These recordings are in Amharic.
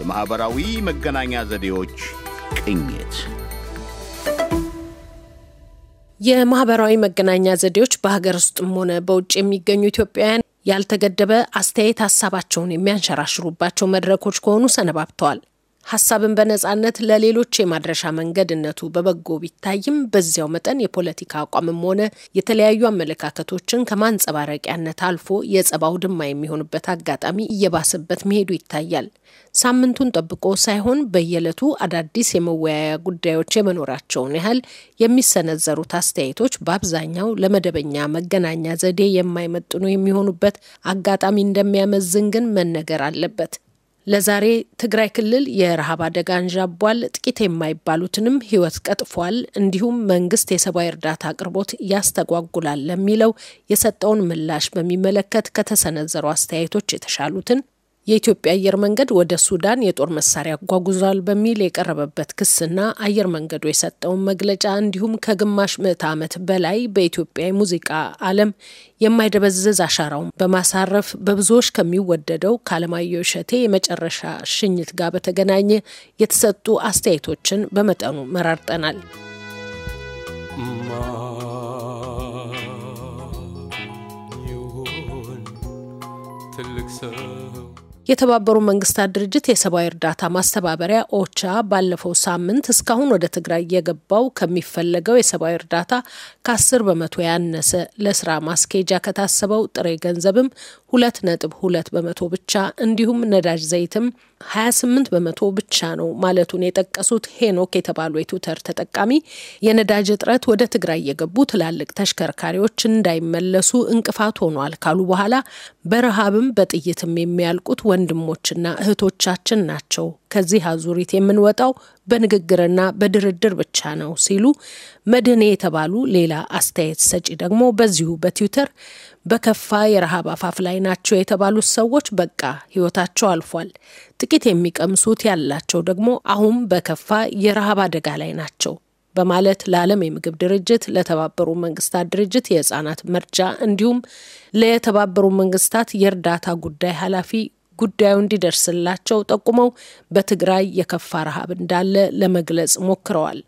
የማኅበራዊ መገናኛ ዘዴዎች ቅኝት የማኅበራዊ መገናኛ ዘዴዎች በሀገር ውስጥም ሆነ በውጭ የሚገኙ ኢትዮጵያውያን ያልተገደበ አስተያየት ሀሳባቸውን የሚያንሸራሽሩባቸው መድረኮች ከሆኑ ሰነባብተዋል። ሀሳብን በነጻነት ለሌሎች የማድረሻ መንገድነቱ በበጎ ቢታይም በዚያው መጠን የፖለቲካ አቋምም ሆነ የተለያዩ አመለካከቶችን ከማንጸባረቂያነት አልፎ የጸባው ድማ የሚሆንበት አጋጣሚ እየባሰበት መሄዱ ይታያል። ሳምንቱን ጠብቆ ሳይሆን በየዕለቱ አዳዲስ የመወያያ ጉዳዮች የመኖራቸውን ያህል የሚሰነዘሩት አስተያየቶች በአብዛኛው ለመደበኛ መገናኛ ዘዴ የማይመጥኑ የሚሆኑበት አጋጣሚ እንደሚያመዝን ግን መነገር አለበት። ለዛሬ ትግራይ ክልል የረሃብ አደጋ አንዣቧል፣ ጥቂት የማይባሉትንም ህይወት ቀጥፏል፣ እንዲሁም መንግስት የሰብአዊ እርዳታ አቅርቦት ያስተጓጉላል ለሚለው የሰጠውን ምላሽ በሚመለከት ከተሰነዘሩ አስተያየቶች የተሻሉትን የኢትዮጵያ አየር መንገድ ወደ ሱዳን የጦር መሳሪያ አጓጉዟል በሚል የቀረበበት ክስና አየር መንገዱ የሰጠውን መግለጫ እንዲሁም ከግማሽ ምዕተ ዓመት በላይ በኢትዮጵያ የሙዚቃ ዓለም የማይደበዝዝ አሻራውን በማሳረፍ በብዙዎች ከሚወደደው ከአለማየሁ እሸቴ የመጨረሻ ሽኝት ጋር በተገናኘ የተሰጡ አስተያየቶችን በመጠኑ መራርጠናል። ትልቅ ሰው የተባበሩ መንግስታት ድርጅት የሰብአዊ እርዳታ ማስተባበሪያ ኦቻ ባለፈው ሳምንት እስካሁን ወደ ትግራይ የገባው ከሚፈለገው የሰብአዊ እርዳታ ከአስር በመቶ ያነሰ ለስራ ማስኬጃ ከታሰበው ጥሬ ገንዘብም ሁለት ነጥብ ሁለት በመቶ ብቻ እንዲሁም ነዳጅ ዘይትም 28 በመቶ ብቻ ነው ማለቱን የጠቀሱት ሄኖክ የተባሉ የትዊተር ተጠቃሚ የነዳጅ እጥረት ወደ ትግራይ የገቡ ትላልቅ ተሽከርካሪዎች እንዳይመለሱ እንቅፋት ሆኗል ካሉ በኋላ በረሃብም በጥይትም የሚያልቁት ወንድሞችና እህቶቻችን ናቸው ከዚህ አዙሪት የምንወጣው በንግግርና በድርድር ብቻ ነው ሲሉ መድህኔ የተባሉ ሌላ አስተያየት ሰጪ ደግሞ በዚሁ በትዊተር በከፋ የረሃብ አፋፍ ላይ ናቸው የተባሉት ሰዎች በቃ ህይወታቸው አልፏል። ጥቂት የሚቀምሱት ያላቸው ደግሞ አሁን በከፋ የረሃብ አደጋ ላይ ናቸው በማለት ለዓለም የምግብ ድርጅት፣ ለተባበሩ መንግስታት ድርጅት የህፃናት መርጃ እንዲሁም ለተባበሩ መንግስታት የእርዳታ ጉዳይ ኃላፊ ጉዳዩ እንዲደርስላቸው ጠቁመው በትግራይ የከፋ ረሃብ እንዳለ ለመግለጽ ሞክረዋል።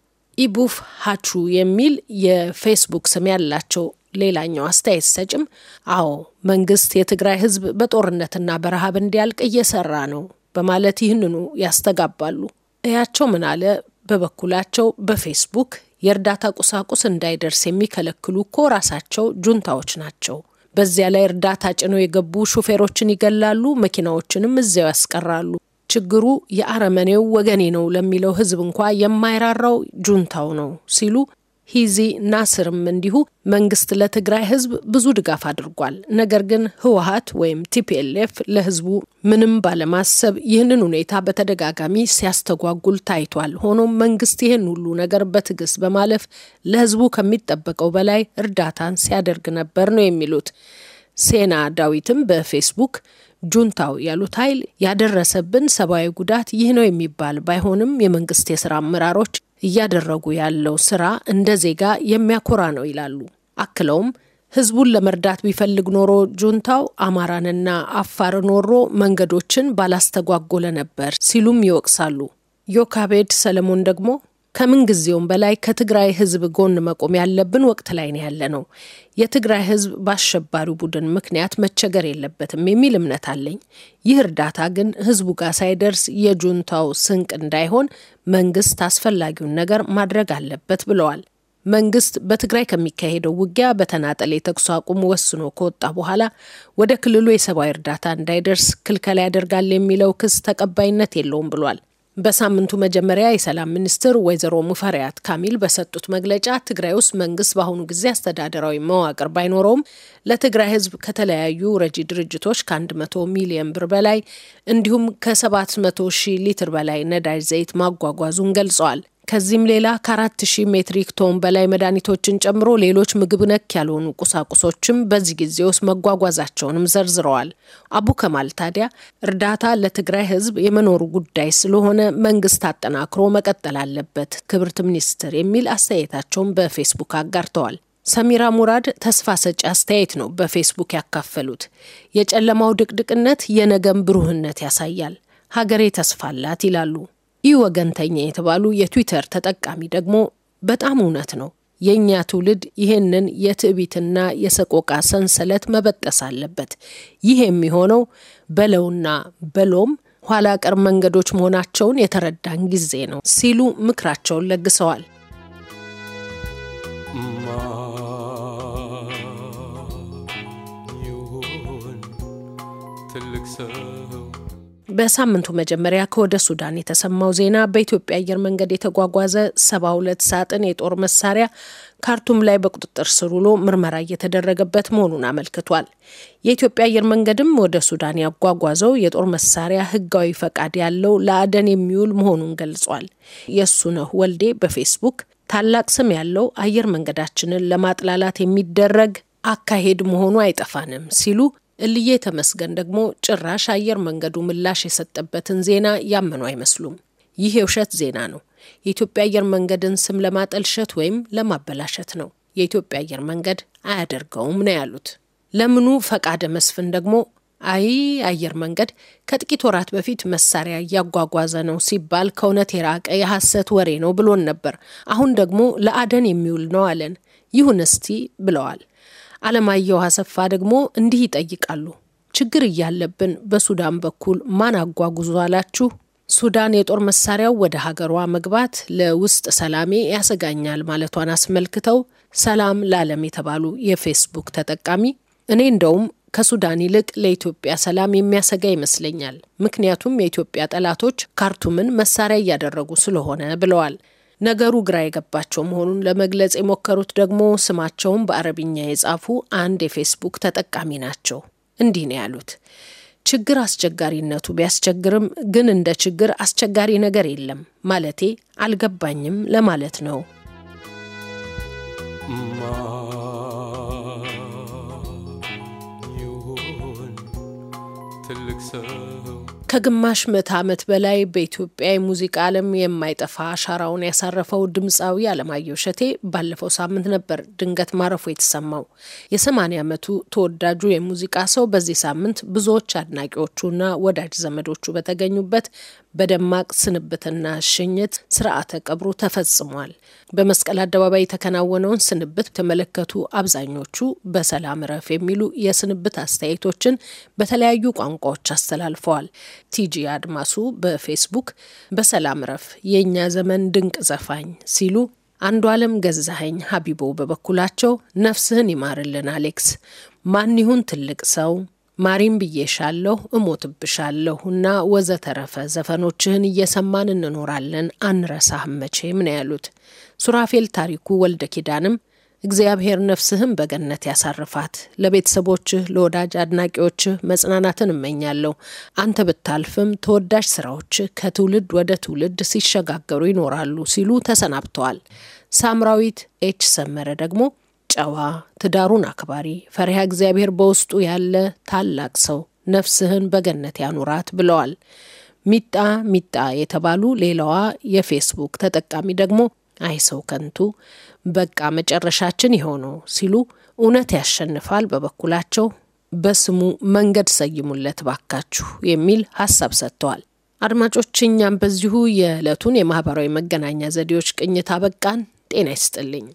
ኢቡፍ ሀቹ የሚል የፌስቡክ ስም ያላቸው ሌላኛው አስተያየት ሰጭም አዎ መንግስት የትግራይ ህዝብ በጦርነትና በረሃብ እንዲያልቅ እየሰራ ነው በማለት ይህንኑ ያስተጋባሉ። እያቸው ምናለ በበኩላቸው በፌስቡክ የእርዳታ ቁሳቁስ እንዳይደርስ የሚከለክሉ እኮ ራሳቸው ጁንታዎች ናቸው በዚያ ላይ እርዳታ ጭነው የገቡ ሹፌሮችን ይገላሉ፣ መኪናዎችንም እዚያው ያስቀራሉ። ችግሩ የአረመኔው ወገኔ ነው ለሚለው ህዝብ እንኳ የማይራራው ጁንታው ነው ሲሉ ሂዚ ናስርም እንዲሁ መንግስት ለትግራይ ህዝብ ብዙ ድጋፍ አድርጓል። ነገር ግን ህወሀት ወይም ቲፒኤልኤፍ ለህዝቡ ምንም ባለማሰብ ይህንን ሁኔታ በተደጋጋሚ ሲያስተጓጉል ታይቷል። ሆኖም መንግስት ይህን ሁሉ ነገር በትዕግስት በማለፍ ለህዝቡ ከሚጠበቀው በላይ እርዳታን ሲያደርግ ነበር ነው የሚሉት። ሴና ዳዊትም በፌስቡክ ጁንታው ያሉት ኃይል ያደረሰብን ሰብአዊ ጉዳት ይህ ነው የሚባል ባይሆንም የመንግስት የስራ አመራሮች እያደረጉ ያለው ስራ እንደ ዜጋ የሚያኮራ ነው ይላሉ። አክለውም ህዝቡን ለመርዳት ቢፈልግ ኖሮ ጁንታው አማራንና አፋር ኖሮ መንገዶችን ባላስተጓጎለ ነበር ሲሉም ይወቅሳሉ። ዮካቤድ ሰለሞን ደግሞ ከምን ጊዜውም በላይ ከትግራይ ህዝብ ጎን መቆም ያለብን ወቅት ላይ ነው ያለ ነው። የትግራይ ህዝብ በአሸባሪው ቡድን ምክንያት መቸገር የለበትም የሚል እምነት አለኝ። ይህ እርዳታ ግን ህዝቡ ጋር ሳይደርስ የጁንታው ስንቅ እንዳይሆን መንግስት አስፈላጊውን ነገር ማድረግ አለበት ብለዋል። መንግስት በትግራይ ከሚካሄደው ውጊያ በተናጠል የተኩስ አቁም ወስኖ ከወጣ በኋላ ወደ ክልሉ የሰብአዊ እርዳታ እንዳይደርስ ክልከላ ያደርጋል የሚለው ክስ ተቀባይነት የለውም ብሏል። በሳምንቱ መጀመሪያ የሰላም ሚኒስትር ወይዘሮ ሙፈሪያት ካሚል በሰጡት መግለጫ ትግራይ ውስጥ መንግስት በአሁኑ ጊዜ አስተዳደራዊ መዋቅር ባይኖረውም ለትግራይ ሕዝብ ከተለያዩ ረጂ ድርጅቶች ከ100 ሚሊዮን ብር በላይ እንዲሁም ከ700 ሺህ ሊትር በላይ ነዳጅ ዘይት ማጓጓዙን ገልጸዋል። ከዚህም ሌላ ከአራት ሺ ሜትሪክ ቶን በላይ መድኃኒቶችን ጨምሮ ሌሎች ምግብ ነክ ያልሆኑ ቁሳቁሶችም በዚህ ጊዜ ውስጥ መጓጓዛቸውንም ዘርዝረዋል። አቡ ከማል ታዲያ እርዳታ ለትግራይ ሕዝብ የመኖሩ ጉዳይ ስለሆነ መንግስት አጠናክሮ መቀጠል አለበት ክብርት ሚኒስትር የሚል አስተያየታቸውን በፌስቡክ አጋርተዋል። ሰሚራ ሙራድ ተስፋ ሰጪ አስተያየት ነው በፌስቡክ ያካፈሉት። የጨለማው ድቅድቅነት የነገም ብሩህነት ያሳያል፣ ሀገሬ ተስፋላት ይላሉ። ኢ ወገንተኛ የተባሉ የትዊተር ተጠቃሚ ደግሞ በጣም እውነት ነው፣ የእኛ ትውልድ ይህንን የትዕቢትና የሰቆቃ ሰንሰለት መበጠስ አለበት። ይህ የሚሆነው በለውና በሎም ኋላ ቀር መንገዶች መሆናቸውን የተረዳን ጊዜ ነው ሲሉ ምክራቸውን ለግሰዋል። በሳምንቱ መጀመሪያ ከወደ ሱዳን የተሰማው ዜና በኢትዮጵያ አየር መንገድ የተጓጓዘ ሰባ ሁለት ሳጥን የጦር መሳሪያ ካርቱም ላይ በቁጥጥር ስር ውሎ ምርመራ እየተደረገበት መሆኑን አመልክቷል። የኢትዮጵያ አየር መንገድም ወደ ሱዳን ያጓጓዘው የጦር መሳሪያ ሕጋዊ ፈቃድ ያለው ለአደን የሚውል መሆኑን ገልጿል። ነው ወልዴ በፌስቡክ ታላቅ ስም ያለው አየር መንገዳችንን ለማጥላላት የሚደረግ አካሄድ መሆኑ አይጠፋንም ሲሉ እልዬ ተመስገን ደግሞ ጭራሽ አየር መንገዱ ምላሽ የሰጠበትን ዜና ያመኑ አይመስሉም። ይህ የውሸት ዜና ነው። የኢትዮጵያ አየር መንገድን ስም ለማጠልሸት ወይም ለማበላሸት ነው። የኢትዮጵያ አየር መንገድ አያደርገውም ነው ያሉት። ለምኑ ፈቃደ መስፍን ደግሞ አይ አየር መንገድ ከጥቂት ወራት በፊት መሳሪያ እያጓጓዘ ነው ሲባል ከእውነት የራቀ የሐሰት ወሬ ነው ብሎን ነበር። አሁን ደግሞ ለአደን የሚውል ነው አለን። ይሁን እስቲ ብለዋል። አለማየሁ አሰፋ ደግሞ እንዲህ ይጠይቃሉ። ችግር እያለብን በሱዳን በኩል ማን አጓጉዞ አላችሁ? ሱዳን የጦር መሳሪያው ወደ ሀገሯ መግባት ለውስጥ ሰላሜ ያሰጋኛል ማለቷን አስመልክተው ሰላም ለዓለም የተባሉ የፌስቡክ ተጠቃሚ እኔ እንደውም ከሱዳን ይልቅ ለኢትዮጵያ ሰላም የሚያሰጋ ይመስለኛል፣ ምክንያቱም የኢትዮጵያ ጠላቶች ካርቱምን መሳሪያ እያደረጉ ስለሆነ ብለዋል። ነገሩ ግራ የገባቸው መሆኑን ለመግለጽ የሞከሩት ደግሞ ስማቸውን በአረብኛ የጻፉ አንድ የፌስቡክ ተጠቃሚ ናቸው። እንዲህ ነው ያሉት። ችግር አስቸጋሪነቱ ቢያስቸግርም ግን እንደ ችግር አስቸጋሪ ነገር የለም ማለቴ አልገባኝም ለማለት ነው። ትልቅ ሰው ከግማሽ ምዕተ ዓመት በላይ በኢትዮጵያ የሙዚቃ ዓለም የማይጠፋ አሻራውን ያሳረፈው ድምፃዊ አለማየሁ እሸቴ ባለፈው ሳምንት ነበር ድንገት ማረፉ የተሰማው። የሰማንያ ዓመቱ ተወዳጁ የሙዚቃ ሰው በዚህ ሳምንት ብዙዎች አድናቂዎቹና ወዳጅ ዘመዶቹ በተገኙበት በደማቅ ስንብትና ሽኝት ስርዓተ ቀብሩ ተፈጽሟል። በመስቀል አደባባይ የተከናወነውን ስንብት ተመለከቱ አብዛኞቹ በሰላም ረፍ የሚሉ የስንብት አስተያየቶችን በተለያዩ ቋንቋዎች አስተላልፈዋል። ቲጂ አድማሱ በፌስቡክ በሰላም ረፍ የእኛ ዘመን ድንቅ ዘፋኝ ሲሉ አንዱ ዓለም ገዛኸኝ ሀቢቦ በበኩላቸው ነፍስህን ይማርልን አሌክስ፣ ማን ይሁን ትልቅ ሰው ማሪም ብዬሻለሁ፣ እሞትብሻለሁ እና ወዘተረፈ ዘፈኖችህን እየሰማን እንኖራለን አንረሳህም መቼም ነው ያሉት። ሱራፌል ታሪኩ ወልደ ኪዳንም እግዚአብሔር ነፍስህም በገነት ያሳርፋት፣ ለቤተሰቦችህ፣ ለወዳጅ አድናቂዎችህ መጽናናትን እመኛለሁ። አንተ ብታልፍም ተወዳጅ ስራዎች ከትውልድ ወደ ትውልድ ሲሸጋገሩ ይኖራሉ ሲሉ ተሰናብተዋል። ሳምራዊት ኤች ሰመረ ደግሞ ጨዋ፣ ትዳሩን አክባሪ፣ ፈሪሃ እግዚአብሔር በውስጡ ያለ ታላቅ ሰው ነፍስህን በገነት ያኑራት ብለዋል። ሚጣ ሚጣ የተባሉ ሌላዋ የፌስቡክ ተጠቃሚ ደግሞ አይ ሰው ከንቱ፣ በቃ መጨረሻችን የሆነ ሲሉ እውነት ያሸንፋል በበኩላቸው በስሙ መንገድ ሰይሙለት ባካችሁ የሚል ሀሳብ ሰጥተዋል። አድማጮች፣ እኛም በዚሁ የዕለቱን የማህበራዊ መገናኛ ዘዴዎች ቅኝት አበቃን። ጤና ይስጥልኝ።